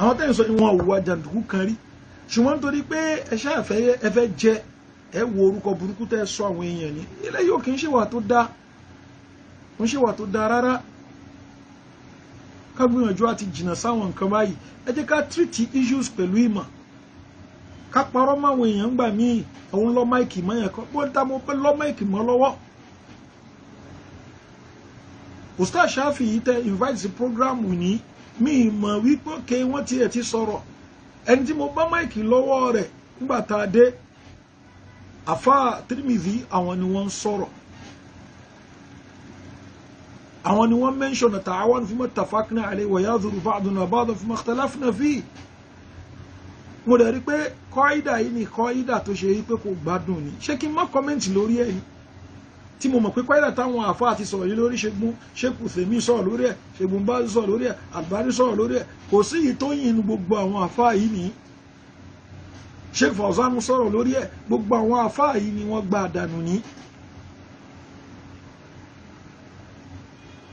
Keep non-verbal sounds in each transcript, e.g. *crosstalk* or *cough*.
àwọn tẹ́yìn sọ ni wọn ò wá jàǹdùkú kan rí ṣùgbọ́n nítorí pé ẹṣẹ́ ẹfẹ́ jẹ ẹ wo orúkọ burúkú tẹ́ sọ àwọn èèyàn ní ilé yóò kì í ṣèwà tó dáa ń ṣèwà tó dáa rárá ká gbìyànjú àti jìnnà sáwọn nǹkan báyìí ẹ jẹ́ ká tírìtì issues pẹ̀lú ìmọ̀ ká parọ́ máwọn èèyàn gbà míì òun lọ́ máìkì mọ́yàn kan bó mo pé lọ́ máìkì mọ́ lọ́wọ́ ustaz shafi yìí tẹ invite sí programu ní mi mọ̀ wípé òkè wọ́n tiẹ̀ ti sọ̀rọ̀ ẹni tí mo bá máìkì lọ́wọ́ rẹ̀ nígbà tá a dé àfa Tirmidhi àwọn ni wọ́n ń sọ̀rọ̀ àwọn ni wọ́n mẹ́ńṣọ̀nà ta'awanu fima ittafaqna alayhi wa yadhuru ba'duna ba'dan fima ikhtalafna fihi mo dẹ̀ rí pé kọ́ídà yìí ni kọ́ídà tó ṣe yí pé kò gbádùn ni ṣé kí n má kọ́mẹ́ǹtì lórí ẹ̀yìn tí mo mọ̀ pé kọ́ìdà táwọn àfa àti sọ̀rọ̀ yìí lórí ṣẹ́gun ṣẹ́kù tèmi sọ̀rọ̀ lórí ẹ̀ ṣẹ́gun bá sọ̀rọ̀ lórí ẹ̀ àgbáni sọ̀rọ̀ lórí ẹ̀ kò sí yìí tó yìn gbogbo àwọn àfa yìí nìyí sheikh fawzan sọ̀rọ̀ lórí ẹ̀ gbogbo àwọn àfáà yìí ni wọ́n gba àdànù ní.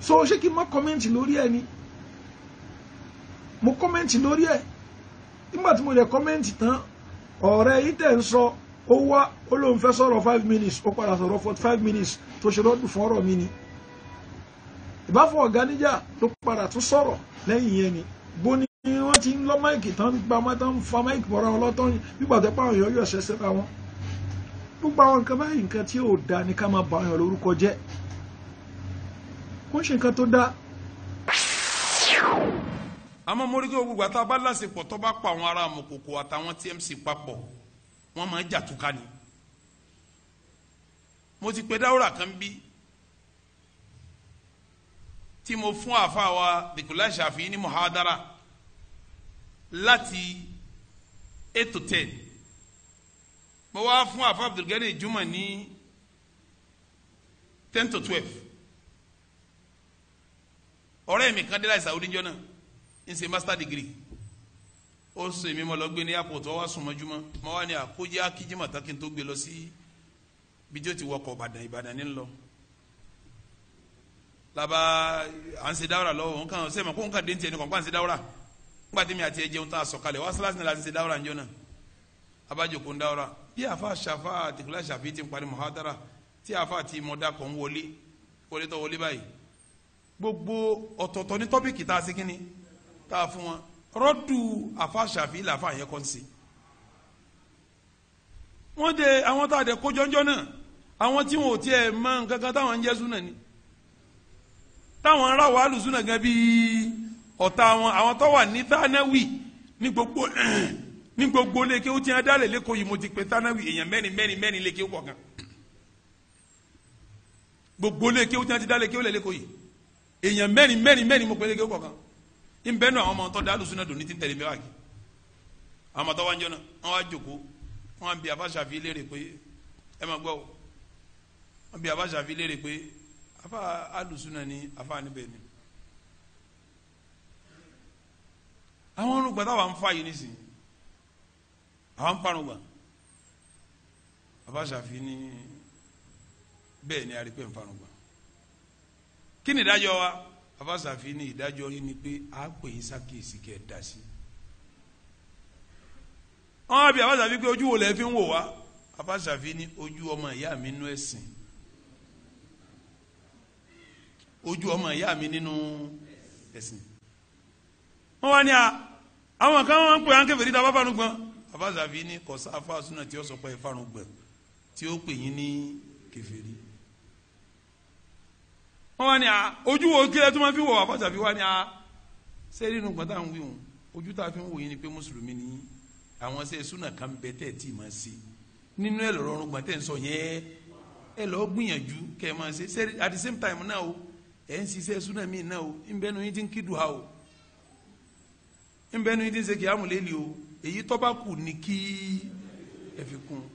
so ṣé kí n má kọ́mẹ́ǹtì lórí ẹ̀ ni mo kọ́mẹ́ǹtì lórí ẹ̀ nígbà tí mo lè kọ́mẹ́ǹtì tán ọ̀rẹ́ yìí tẹ̀ ń sọ ó wá ó lóun fẹ́ sọ̀rọ̀ five minutes ó padà sọ̀rọ̀ forty five minutes tó ṣe rọ́dùn fún ọ̀rọ̀ mi ni ìbáfọ̀ ọ̀gá níjà ló padà tún sọ̀rọ̀ lẹ́yìn yẹn ni bó ní wọ́n ti ń lọ máìkì tán gba máa tán fa máìkì bọ̀ra wọn lọ́tọ́ nígbà tó pa àwọn èèyàn yọ̀ ṣẹ́ṣẹ́ ra wọn gbogbo àwọn nǹkan báyìí nǹkan tí ò da ni ká máa ba àwọn lórúkọ jẹ́ kó ń ṣe nǹkan tó dáa àmọ́ mo rí kí gbogbo àtàwọn bá lásìkò tó bá pa àwọn ará àmọ̀kòkò àtàwọn TMC papọ̀ wọ́n máa ń jàtúkà ni mo ti pe dáwúrà kan bí tí mo fún àfa wa dìkùlá ṣàfihàn ní muhadara láti eight to ten mo wá fún àfa abdulgani juma ní ten to twelve ọ̀rẹ́ mi kan dé láì sàwùdíjọ́ náà ń ṣe master degree ó ṣe mí mo lọ gbé ní airport wọ́n wá sùn mọ́júmọ́ mo wá ní àkójẹ akíjímọ̀ tán tó gbé lọ sí bíjọ́ ti wọkọ̀ ìbàdàn ìbàdàn ní lọ laba à ń ṣe dáwọ́ra lọ́wọ́ nǹkan ọ̀sẹ̀ mọ̀ kó nǹkan dé ní tiẹ̀ ní kọ̀ọ̀kan à ń ṣe dáwọ́ra nígbà tí mi àti ẹ jẹun tá a sọ̀kalẹ̀ wá síláṣí ni la ń ṣe dáwọ́ra ńjọ́ náà abájòkó ń dáwọ́ra bí àfa ṣàfa àtìkúlá ṣàfi ti ń parí mọ̀hádàrà tí àfa àti mọ̀dàkọ̀ ń wọlé wọlé tó wọlé báyìí gbogbo ọ̀tọ̀ọ̀tọ̀ ní tọ́pìkì rọ́dù àfa ṣàfi làfa yẹn kọ́ de àwọn tá a dẹ̀ kó jọ́njọ́ náà àwọn tí wọn ò tiẹ̀ mọ nǹkan kan táwọn ń jẹ́ súnà ni táwọn ará wa lù súnà gan bíi ọ̀tá wọn àwọn tó wà ní tánáwì ní gbogbo *clears throat* ní gbogbo léke ó ti hàn dálẹ̀ lẹ́kọ̀ọ́ yìí mo ti pè tánáwì èèyàn mẹ́rin mẹ́rin mẹ́rin léke ó pọ̀ gan gbogbo léke ó ti hàn ti dálẹ̀ kéwọ́lẹ̀ lẹ́kọ̀ọ́ yìí èèyàn mẹ́rin mẹ́rin mẹ́rin mo pè léke ó pọ̀ gan ń bẹ́ẹ̀ nù àwọn ọmọ tó dá lùsùnà dùn ní ti ń tẹ̀lé mi wáyé àwọn ọmọ tó wá ń jọ́nà wọ́n wá jòkó wọ́n á bi abáṣàfi léèrè pé ẹ máa gbọ́ wọ́n bi abáṣàfi léèrè pé afa alùsùnà ni afa níbẹ̀ ni. àwọn olùgbà wa ń fa yìí nísìnyí àwọn ń parun gbà abáṣàfi ní bẹ́ẹ̀ ni arípẹ́ ń parun gbà kí ni ìdájọ́ wa afásàfi ní ìdájọ́ yìí ni pé a pè yín sákèsì kẹ́ ẹ̀ dá sí. wọ́n bí afásàfi pé ojú wo lẹ́ fi ń wò wá afásàfi ní ojú ọmọ ìyá mi nínú ẹ̀sìn ojú ọmọ ìyá mi nínú ẹ̀sìn. wọ́n wá ní àwọn kan wọ́n ń pè ánkẹ́ fèrè dábàá fanu gbọ́n afásàfi ní kọ̀sá afásúná tí ó sọ pé fanu gbọ́n tí ó pè yín ní kèfèrí wọ́n wá ní a ah, ojú wo kílẹ̀ tó máa fi wọ̀ wá pàtàkì wá ní a ah, ṣé nínú gbọ́dọ̀ àwọn wíwọ̀n ojú tá a fi ń wòye ni pé mùsùlùmí ni àwọn ṣe súnà kan bẹ tẹ̀ tí ma ṣe nínú ẹ̀ lọ́rọ́ ọ̀rùngbọ̀n tẹ̀ ń sọ yẹn ẹ lọ́ọ́ gbìyànjú kẹ́ ẹ máa ṣe ṣe at the same time náà o ẹ̀ ń ṣiṣẹ́ súnà míì náà o ń bẹ́nu yín ti ń kí duha o ń bẹ́nu yín ti ń ṣe kìámù lélẹ̀ o èyí tó bá kù ní kí ẹ fi kún un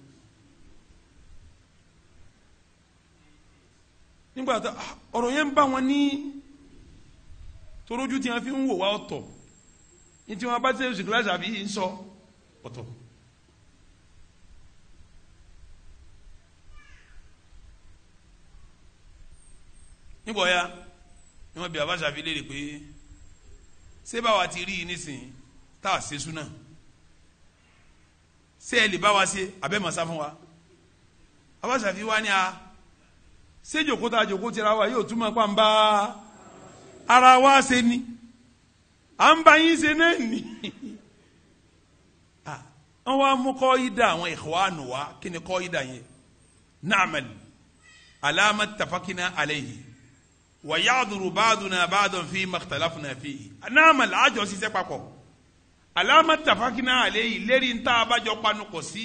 nígbà tá ọ̀rọ̀ yẹn ń bá wọn ní torójú tí wọn fi ń wò wá ọ̀tọ̀ ní tí wọn bá tẹ̀ ṣèkìláṣà àbí yìí ń sọ ọ̀tọ̀. nígbà ọ̀ya ni wọ́n bí abáṣà fi léèrè pé ṣé báwa ti rí i nísìnyí tá a ṣe súná ṣé ẹ lè bá wa ṣe abẹ́ fún wa abáṣà fi wá ní a. Ah, ṣé jòkó tá a jòkó tira wa yóò túmọ̀ pa ń bá ara wa ṣe ni à ń bá yín ṣe náà ni wọ́n wá mú kọ́ yí da àwọn ikhwanu wa kí ni kọ́ yí da yẹn na'mal alama tafakina alayhi wa ya'duru ba'duna ba'dan fi makhtalafna fihi na'mal àjọ ṣiṣẹ́ papọ̀ alama tafakina alayhi lérí ń jọ panu kò sí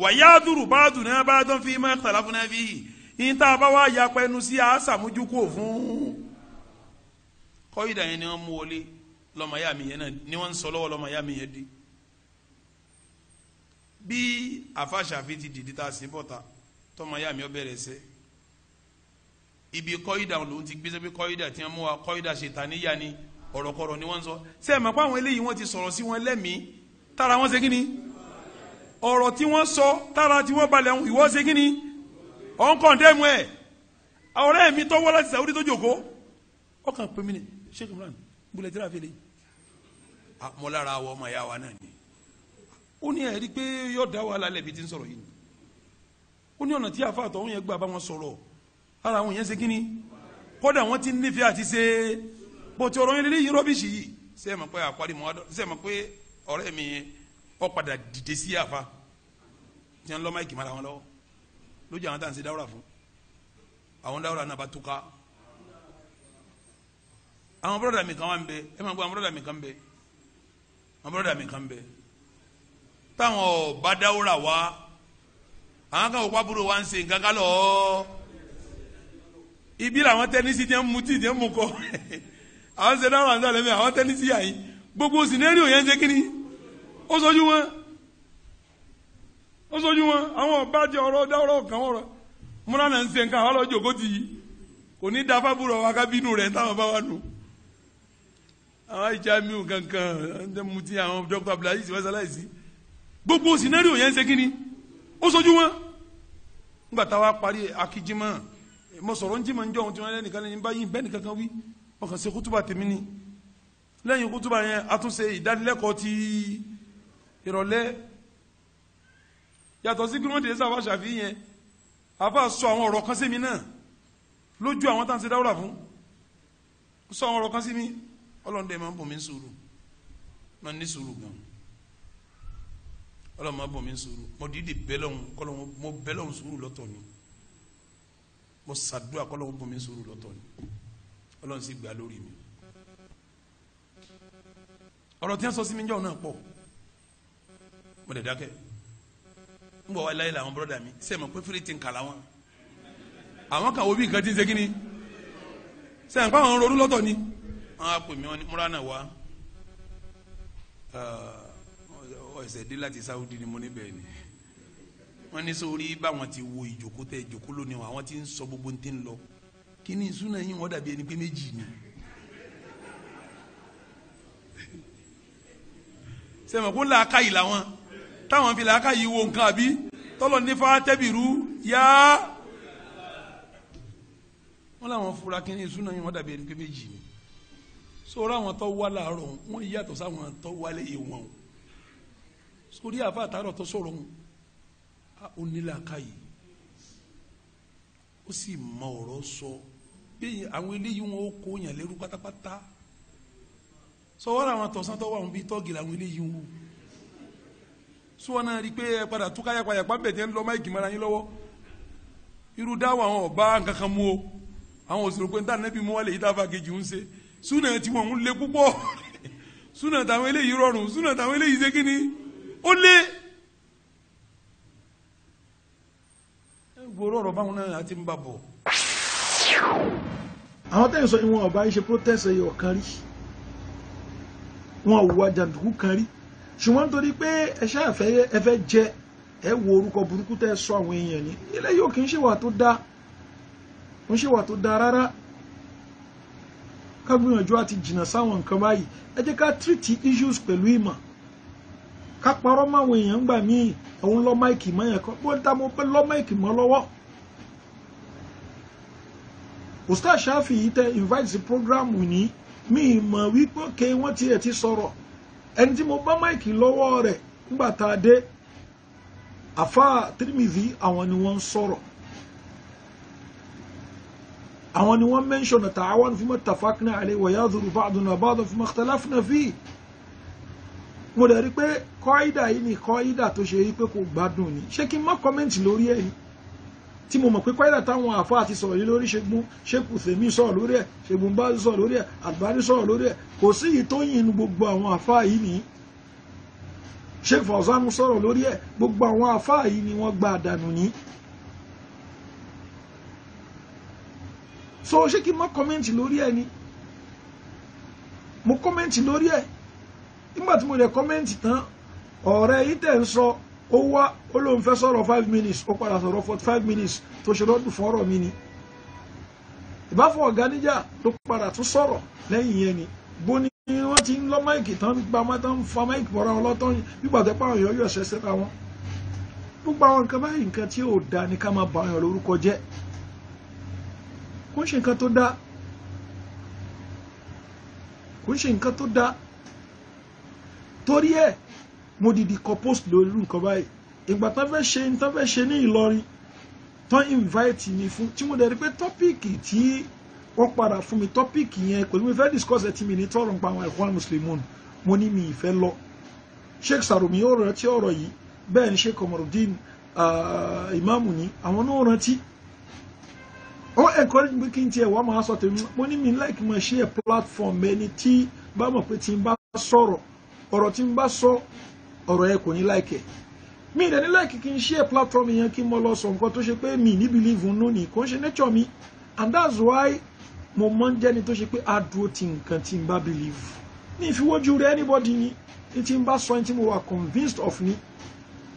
wa ya'duru ba'duna ba'dan fi makhtalafna fihi yìí tá a bá wá yapa ẹnu sí a sàmójúkú òfun kọ́ídà yẹn ni wọ́n mú wọlé lọ́mọ̀yá mi yẹn náà ni wọ́n ń sọ lọ́wọ́ lọ́mọ̀yá mi yẹn dé bí àfàṣàfi ti dìde tá a sì bọ̀ta tọ́mọ̀yá mi ọ bẹ̀rẹ̀ sẹ́ ibi kọ́ídà ló ń ti gbé sẹ́bi kọ́ídà tí wọ́n mú wa kọ́ídà ṣètàníyà ni ọ̀rọ̀kọ̀rọ̀ ni wọ́n ń sọ sẹ́ẹ̀mọ̀ pé àwọn eléyìí wọ́n ti sọ̀rọ̀ sí wọn lẹ́mìí tára wọn ṣe kí ni ọ̀rọ̀ tí wọ́n sọ tára tí wọ́n balẹ̀ ìwọ́ ṣe kí ni ọ̀n kọ̀ǹdẹ́mù ẹ̀ ọ̀rẹ́ mi tọ́wọ́ láti sàwúrí tó jòkó ọkàn pèmí ni sheikh imran bulẹ̀ tíra fi lè ah, mọ́lára àwọn ọmọ ìyá wa náà ni ó ní ẹ̀rí pé yóò dá wàhálà lẹ́bi tí ń sọ̀rọ̀ yìí ó ní ọ̀nà tí àfàtọ̀ òun yẹn gbà bá wọn sọ̀rọ̀ ara àwọn yẹn ṣe kínní kódà wọn ti nífẹ̀ẹ́ àti ṣe bó ti ọ̀rọ̀ yẹn lélẹ́yìn rọ́bìṣì yìí ṣe é mọ̀ pé àparí mọ́ ṣe é mọ̀ pé ọ̀rẹ́ mi ó padà dìde sí àfa tí wọ́n lọ́ máìkì mọ́ra wọn lọ́wọ́ lójú àwọn tá à ń ṣe dáwọ́rà fún àwọn dáwọ́rà náà bá túká àwọn bọ́dà mi kan wà ń bẹ ẹ máa gbọ́ àwọn bọ́dà mi kan bẹ àwọn bọ́dà mi kan bẹ táwọn ọba dáwọ́rà wá àwọn kan òkú àbúrò wa ń ṣe nǹkan kan lọ́ọ́ ibi làwọn tẹnisi jẹ́ ń mutí jẹ́ ń mukọ́ àwọn ṣe dáwọ́rà ń sọ lẹ́mí àwọn tẹnisi yà yín gbogbo sinẹ́rì yẹn ń ṣe ó sọjú wọn sójú wọn àwọn ọba jẹ ọ̀rọ̀ dáwọrọ kan wọrọ múra náà ń ṣe nǹkan àwọn ọlọjọ kò tì kò ní da fábùrọ wa kábínú rẹ táwọn bá wà nù. àwọn ìjà miu kankan ẹni mu ti àwọn dókítà abdulaziz wasalaisi gbogbo sinario yẹn ń ṣe kíni ó sójú wọn. nígbà táwa parí akíjímọ mo sọ̀rọ̀ njímọ̀ njọ́ ohun tí wọ́n lẹ́nìkan lẹ́yìn báyìí bẹ́ẹ̀ nìkan kan wí wọ́n kàn ṣe kútúbà tèmi ni lẹ́yìn kútúbà yẹn a ìdánilẹ́kọ̀ọ́ ti ìrọ̀lẹ́ yàtọ̀ sí pé wọ́n dé sáfà ṣàfihàn àfa sọ àwọn ọ̀rọ̀ kan sí mi náà lójú àwọn tá à ń ṣe dáwọ́rà fún sọ àwọn ọ̀rọ̀ kan sí mi ọlọ́run dẹ̀ máa ń bọ̀ mí sùúrù máa ń ní sùúrù gan ọlọ́run máa ń bọ̀ mí sùúrù mo dìídì bẹ́lọ̀hún kọ́lọ́hún mo bẹ́lọ̀hún sùúrù lọ́tọ̀ ni mo ṣàdúrà kọ́lọ́hún bọ̀ mí sùúrù lọ́tọ̀ ni ọlọ́run sì gbà lórí mi ọ̀rọ̀ tí wọ́n sọ sí mi jọ́ náà pọ̀ mo dẹ̀ dákẹ́ ń bọ̀ wá láyé làwọn bọ́dà mi sẹ́mi pé fúrẹ́tì ń kàlà wọn àwọn kan wo bí nǹkan ti ń segin ni sẹ́mi pé àwọn ronú lọ́tọ̀ ni wọ́n á pè mí wọn ní múra náà wá ọ̀sẹ̀ dé láti Saudi ni mo ní bẹ́ẹ̀ ni wọ́n ní sórí báwọn ti wo ìjòkó tẹ ìjòkó lónìí wọn àwọn ti ń sọ gbogbo ti ń lọ kí ni ìsúná yín wọ́n dàbí ẹni pé méjì ni. sẹ́mi pé ó là á ká ìlà wọn táwọn fi làákà yìí wo nǹkan àbí tọ́lọ̀ nífa tẹ́bìrú yá. wọ́n láwọn fura kí ní súnà yìí wọ́n dàbí ẹni pé méjì ni sórí àwọn tó wá láàárọ̀ wọ́n yàtọ̀ sáwọn tó wá lẹ́yìn wọn o sórí àfa àtàrọ̀ tó sọ̀rọ̀ wọn ó ní làákà yìí ó sì mọ ọ̀rọ̀ sọ bí àwọn eléyìí wọn ó kó yàn lẹ́rú pátápátá sọ wọ́n tọ̀sán tó wà wọn bí tọ́gì làwọn eléyìí wọn tí wọn náà rí i pé ẹ padà tú káyàpáyà pàbẹ tẹ ń lọ máìkì mara yín lọ́wọ́ irú dáwọ́ àwọn ọba kankan mú o àwọn òṣèré pé níta nẹbi mú wálé yìí táwa kejì ń ṣe súnà tí wọn ń lé púpọ̀ *laughs* súnà táwọn eléyìí rọrùn súnà táwọn eléyìí ṣe kíni ó lé. gbòòrò ọ̀rọ̀ báwọn náà àti ń bà bọ̀. àwọn tẹ́yìn sọ ìwọ̀n ọba yìí ṣe protest ẹ̀yọ̀ kan rí wọn ò wá jàǹdùkú kan rí ṣùgbọ́n torí pé ẹṣẹ́ ẹfẹ́ jẹ ẹ wo orúkọ burúkú tẹ́ sọ àwọn èèyàn ní ilé yóò kì í ṣèwà tó dáa ń ṣèwà tó dáa rárá ká àti jìnnà sáwọn nǹkan báyìí ẹ jẹ́ ká tírìtì issues pẹ̀lú ìmọ̀ ká parọ́ máwọn èèyàn gbà míì òun lọ́ máìkì mọ́ yẹn kan bóńtà mo pé lọ́ máìkì mọ́ lọ́wọ́ ustaz shafi yìí tẹ invite sí programu ní mi mọ̀ wípé ké wọ́n tiẹ̀ ti sọ̀rọ̀ ẹni tí mo bá máìkì lọ́wọ́ rẹ̀ nígbà tá a dé àfa Tirmidhi àwọn ni wọ́n ń sọ̀rọ̀ àwọn ni wọ́n mẹ́ńṣọ̀nà ta'awanu fima ittafaqna alayhi wa yadhuru ba'duna ba'dan fima ikhtalafna fihi mo dẹ̀ rí pé kọ́ídà yìí ni kọ́ídà tó ṣe yí pé kò gbádùn ni ṣé kí n má kọ́mẹ́ǹtì lórí ẹ̀yìn tí mo mọ̀ pé kọ́ìdà táwọn àfa àti sọ̀rọ̀ yìí lórí ṣegun ṣekù tèmi sọ̀rọ̀ lórí ẹ̀ ṣegun bá sọ̀rọ̀ lórí ẹ̀ àgbáni sọ̀rọ̀ lórí ẹ̀ kò sí yìí tó yìn gbogbo àwọn àfa yìí nìyí sheikh fawzan sọ̀rọ̀ lórí ẹ̀ gbogbo àwọn àfáà yìí ni wọ́n gba àdànù ní. so ṣé kí n má kọ́mẹ́ǹtì lórí ẹ̀ ni mo kọ́mẹ́ǹtì lórí ẹ̀ nígbà tí mo lè kọ́mẹ́ǹtì tán ọ̀rẹ́ yìí tẹ̀ ń sọ ó wá ó lóun fẹ́ sọ̀rọ̀ five minutes ó padà sọ̀rọ̀ forty five minutes tó ṣe lọ́dún fún ọ̀rọ̀ mi ni ìbáfọ̀ ọ̀gá níjà ló padà tún sọ̀rọ̀ lẹ́yìn yẹn ni bó ní wọ́n ti ń lọ máìkì tán gba máa tán fa máìkì bọ̀ra ọlọ́tọ́ nígbà tó pa àwọn yọ̀ọ́ ṣẹṣẹ́ ta wọn gbogbo àwọn nǹkan báyìí nǹkan tí ò da ni ká máa ba àwọn lórúkọ jẹ́ kò ń ṣe nǹkan tó dáa kò ṣe nǹkan tó dáa torí ẹ̀ mo di kọ post lórí nǹkan báyìí ìgbà tán fẹ́ ṣe tán fẹ́ ṣe ní Ìlọrin tán invite mi fún tí mo dẹ̀ rí pé tọ́píìkì tí wọ́n padà fún mi tọ́píìkì yẹn pẹ̀lú mi fẹ́ discuss ẹ̀ tí mi ní tọrọ nípa àwọn ẹ̀kọ́ mùsùlùmí mo ní mi ìfẹ́ lọ Sheikh Sarumi ó rántí ọ̀rọ̀ yìí bẹ́ẹ̀ ni Sheikh Omarudin ìmáàmù uh, ni àwọn náà rántí ó encourage pé kí n tiẹ̀ wá máa sọ tèmi mo ní mi like mo ṣe platform ẹni tí bá mọ̀ pé tí n bá sọ̀rọ̀ ọ̀rọ̀ tí n bá sọ ọ̀rọ̀ ẹ kò ní láìkẹ̀ mi ìdẹ̀ ní láìkì kí n share platform yẹn kí n mọ lọ sọ nǹkan tó ṣe pé mi ní believe nù ní kò ń ṣe nature mi and that's why mo mọ́ ń jẹ́ni tó ṣe pé a dúró ti nǹkan tí n bá believe ní ìfiwójú rẹ anybody ni ní tí n bá sọ ní tí mo wa convinced of ni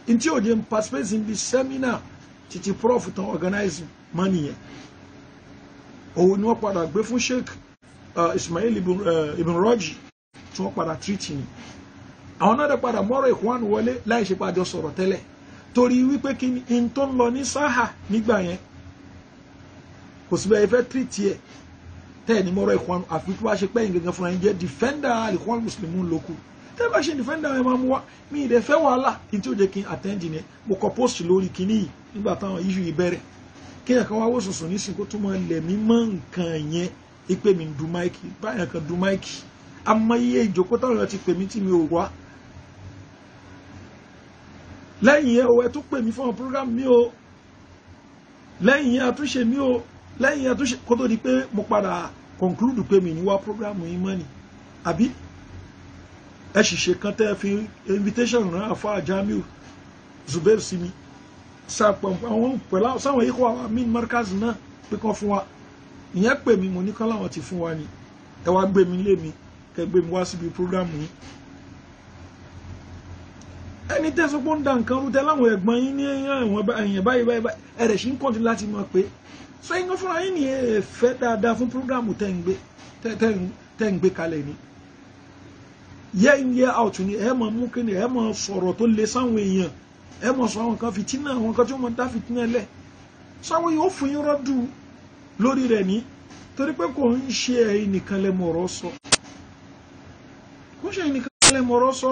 ní tí òde n participate in the seminar títí prof tán organize mọ́ nìyẹn òun ni wọ́n padà gbé fún sheikh uh, Ismail ibn uh, Rọ́jì tí wọ́n padà treat ni àwọn náà dẹ̀ padà mọ́rọ̀ ìkúwánu wọlé láì ṣe pàjọ sọ̀rọ̀ tẹ́lẹ̀ torí wípé kí ni n tó ń lọ ní sáhà nígbà yẹn kò sí bẹ́ẹ̀ fẹ́ tírìtì ẹ̀ tẹ́ẹ̀ ní mọ́rọ̀ ìkúwánu àfi tó bá ṣe pẹ́yìn gẹ́gẹ́ fúnra yín dìfẹ́ndà àlìkúwánu mùsùlùmí lóku tẹ́ẹ̀ bá ṣe dìfẹ́ndà ẹ̀ mi ìdẹ fẹ́ wàhálà ní tí ó jẹ́ kí n àtẹ́ǹdì ni mo kọ post lórí kinní yìí nígbà táwọn iṣu yìí bẹ̀rẹ̀ kéèyàn kan wá wò sùnsùn nísìn du máìkì báyàn kan du máìkì amáyé ìjókòó ti pè mí tí mi ò wá lẹ́yìn yẹn o ẹ tún pè mí fún program mi o lẹ́yìn yẹn àtúnṣe mi o lẹ́yìn yẹn àtúnṣe kó tó di pé mo padà conclude pé mi ní program yìí mọ́ ni àbí ẹ ṣìṣe kan tẹ́ fi invitation rán àfa Jamiu Zubair sí mi sàpọ̀npọ̀n pẹ̀lú sáwọn ikọ̀ amin markaz náà pé kán fún wa ìyẹn pè mí mo ní kán láwọn ti fún wa ni ẹ wá gbé mi lé mi kẹ gbé mi wá síbi program yìí ẹni tẹ́sán pé ó ń da nǹkan rú tẹ́ láwọn ẹ̀gbọ́n yín ní ẹ̀yìn báyìí báyìí ẹ̀rẹ̀ ṣì ń kọ́ni láti mọ̀ pé so yín fúnra yín ní ẹ̀fẹ́ dáadáa fún programu tẹ́ ń gbé kalẹ̀ ni yẹ́ ń yẹ́ out ni ẹ̀ mọ̀ mú kí ni ẹ̀ mọ̀ sọ̀rọ̀ tó le sáwọn èèyàn ẹ̀ mọ̀ sọ àwọn kan fìtínà àwọn kan tí wọ́n dá fìtínà lẹ̀ sáwọn yóò fún yín rọ́dù lórí rẹ̀ ní torí pé kò ń ṣe ẹ̀yin nìkan lẹ́mọ̀ọ́rọ́ sọ kò ń ṣe ẹ̀yin nìkan lẹ́mọ̀ọ́rọ́ sọ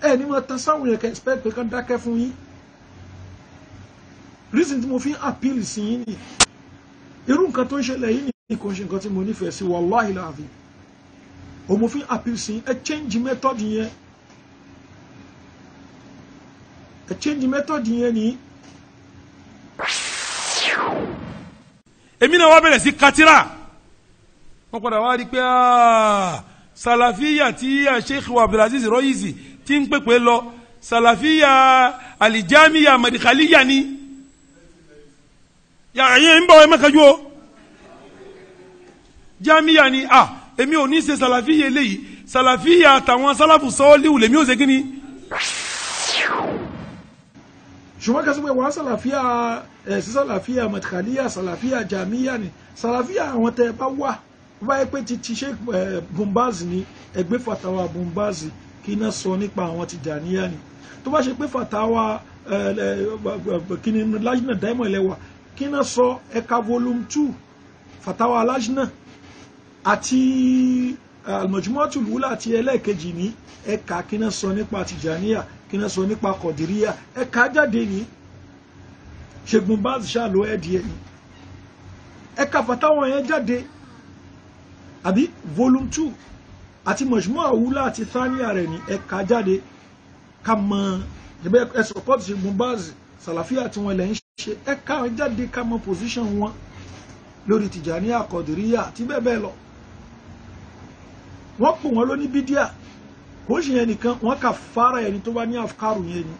ẹ ní mo tan sáwọn yẹn kẹ expect pé kán dákẹ́ fún yín reason tí mo fi ń appeal sí yín ni irú nǹkan tó ń ṣẹlẹ̀ yín ni kò ń ṣe nǹkan tí mo nífẹ̀ẹ́ sí wàláhì láàfin o mo fi ń appeal sí yín ẹ change method yẹn ẹ change method yẹn ni. èmi náà wá bẹ̀rẹ̀ sí katira wọ́n padà wá rí i pé ah, sàlàfíyà tí sheikh abdulaziz rọ́yìsì tí ń pèpè lọ sàlàfíà àlìjámíà màdìkàlíyà ni yàrá yẹn ń bọ̀ ẹ mẹ́kàjú o jámíà ni a èmi ò ní ṣe sàlàfíà eléyìí sàlàfíà àtàwọn sálàfù sọ́ọ́líwù lèmi ò ṣe kí ni. ṣùgbọ́n kẹsàn-án pé wàá sàlàfíà ẹ̀ sí sàlàfíà màdìkàlíyà sàlàfíà jàmíyà ni sàlàfíà àwọn tẹ́ ẹ bá wà báyìí pé ti ti ṣe bùnbáàzì ni ẹgbẹ́ fatawa bùnbáàzì kí iná sọ nípa àwọn Tìjàníyà ni tó bá ṣe pé fatawa kíni lajna diamond lẹ́wà kí iná sọ ẹ̀ka volume two fatawa lajna àti almajmuatu lula àti ẹlẹ́ẹ̀kejì ní ẹ̀ka kí iná sọ nípa Tìjàníyà kí iná sọ nípa kọ̀dìríyà ẹ̀ka jáde ní ṣègùn bá ṣàlò ẹ̀dì ẹ̀yìn ẹ̀ka fatawa yẹn jáde àbí volume two àti mọ̀ṣúmọ́ àwúlà àti thania rẹ̀ ní ẹ̀ka jáde ká mọ ẹ̀bẹ́ ẹ̀ support ṣe gbọ́nbáàzì sàlàfíà tí wọ́n lẹ̀ ń ṣe ẹ̀ka jáde ká mọ position wọn lórí Tìjàníyà àkọ̀dìríyà àti bẹ́ẹ̀ bẹ́ẹ̀ lọ wọ́n pò wọ́n lóní bídíà kò ṣe yẹn nìkan wọ́n kà fara ẹni tó bá ní afkaru yẹn ni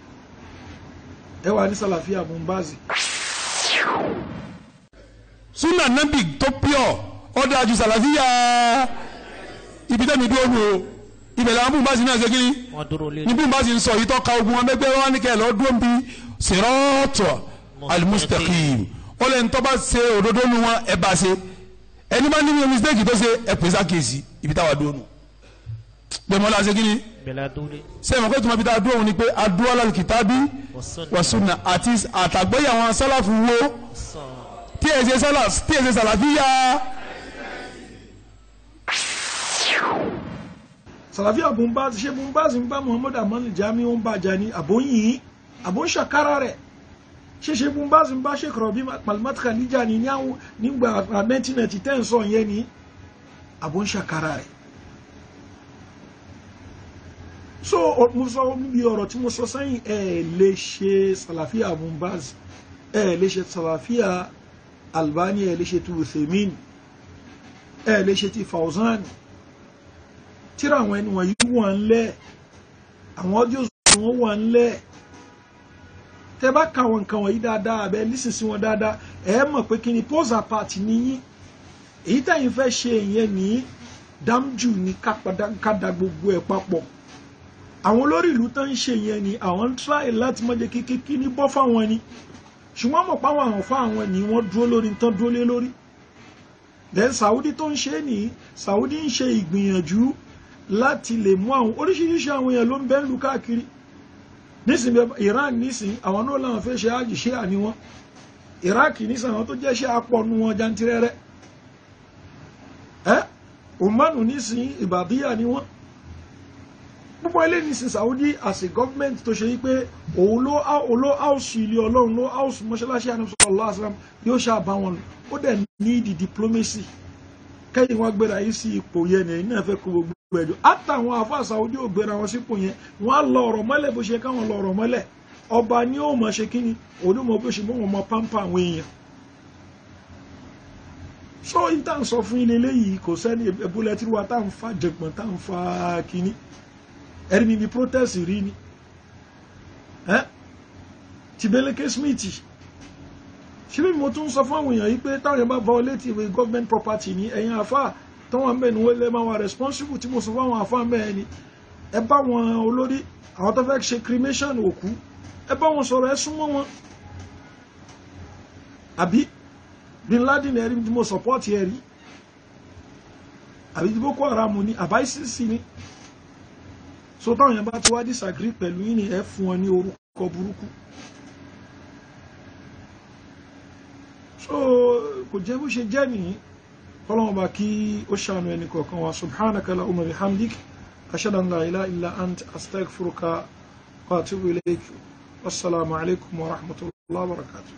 ẹ wà ní sàlàfíà mọ̀nbáàzì. súnà nábì tó pure ó dájú sàlàfíà ibi tẹ́mi dúró nù o ibẹ̀ làwọn bùnbà sí náà ṣe kiri ní bùnbà sí ń sọ yìí tọ́ka ogun wọn mẹ́gbẹ́ wọn ní kẹ́ lọ́ọ́ dúró bí sèrọ́ọ̀tọ̀ alimustakim ó lẹ́ni tọ́ bá ṣe òdodo nu wọn ẹ bá ṣe ẹni bá nínú mistake tó ṣe ẹ pèsè àkèsí ibi táwa dúró nù gbẹmọlá ṣe kiri sẹ́yìn ọkọ̀ ìtumọ̀ bí tá dúró òun ni pé a dúró alálùkìtàbí wàsúnà àti àtàgbẹ́yàwọn sálàfù wo tí ẹ ṣe sálàfíyà sàlàfí àbúnbáàzì ṣé búnbáàzì ń bá muhammadu amani jami ó ń bàjá ní àbóyìn àbóṣàkára rẹ̀ ṣé ṣé búnbáàzì ń bá sheikh rabi malmat khalija ní nígbà 1910 sọ yẹn ní àbóṣàkára rẹ̀ so mo sọ níbi ọ̀rọ̀ tí mo sọ sẹ́yìn ẹ lè ṣe sàlàfí àbúnbáàzì ẹ lè ṣe sàlàfí albani ẹ lè ṣe tuwusemin ẹ lè ṣe ti fauzani tíra àwọn ẹni wọ̀nyí wà ń lẹ̀ àwọn ọdí òṣùwọ̀n wọn wà ń lẹ̀ tẹ bá ka àwọn nǹkan wọ̀nyí dáadáa abẹ nísinsìnyí wọn dáadáa ẹ mọ̀ pé kí ni pose apart níyìn èyí táyìn fẹ́ ṣe ìyẹn ní dámjù ní kádà gbogbo ẹ̀ papọ̀ àwọn olórí ìlú tó ń ṣe yẹn ni àwọn ń try láti má jẹ́ kékeré ní bọ́ fáwọn ni ṣùgbọ́n mọ̀ páwọn àwọn fáwọn ni wọ́n dúró lórí then Saudi tó ń Saudi ń ṣe ìgbìyànjú láti lè mú àwọn oríṣiríṣi àwọn èèyàn ló ń bẹ́ ń káàkiri nísìnyí Iran nísìnyí àwọn náà làwọn fẹ́ ṣe ájì ṣé àní wọn Iraq nísìnyí àwọn tó jẹ́ ṣe wọn jantirẹrẹ ẹ Omanu nísìnyí ìbàdíyà ni wọn púpọ̀ ilé nísìnyí Saudi as a government tó ṣe yí pé òun ló ló áùsù ilé ọlọ́run ló áùsù mọ́ṣáláṣí àná sọ̀rọ̀ lọ́wọ́ di diplomacy kẹ́yìn wọn gbéra yìí sí ipò yẹn nìyẹn náà fẹ́ kó gbogbo ẹ̀jọ́ àtàwọn afáàsà ojú ò gbéra wọn sípò yẹn wọn lọ ọ̀rọ̀ mọ́lẹ̀ bó ṣe káwọn lọ ọ̀rọ̀ mọ́lẹ̀ ọba ní ó mọ̀ ṣe kíni onímọ̀ bó ṣe mọ́ wọn mọ pampa àwọn èèyàn so ìta ń sọ fún ilé eléyìí kò sẹ́ni ẹ̀bùlẹ̀ tí wà tá ń fa jẹ̀gbọ̀n tá ń fa kíní ẹ̀rí protest rí ni tìbẹ́lẹ́kẹ́ Smith ṣé bí mo tún sọ fún àwọn èèyàn yìí pé táwọn èèyàn bá violate ìwé government property ní ẹ̀yìn àfa táwọn ń bẹ̀ ní wọ́n lè máa wà responsible tí mo sọ fún àwọn àfa ń bẹ̀ ẹni ẹ bá wọn olórí àwọn tó fẹ́ ṣe cremation òkú ẹ bá wọn sọ̀rọ̀ ẹ súnmọ́ wọn àbí bin Laden ẹ̀rí tí mo support ẹ̀rí àbí Boko Haram ní àbá ICC ní so táwọn èèyàn bá ti wá disagree pẹ̀lú yín ni ẹ fún wọn ní orúkọ burúkú so kò jẹ́ bó ṣe jẹ́ nìyí kọ́lọ́wọ́n bá kí ó ṣàánú ẹni kọ̀ọ̀kan wa subhanaka lahumma bihamdik ashhadu an la ilaha illa ant wa atubu ilayk wassalamu alaikum wa rahmatullahi wa barakatuh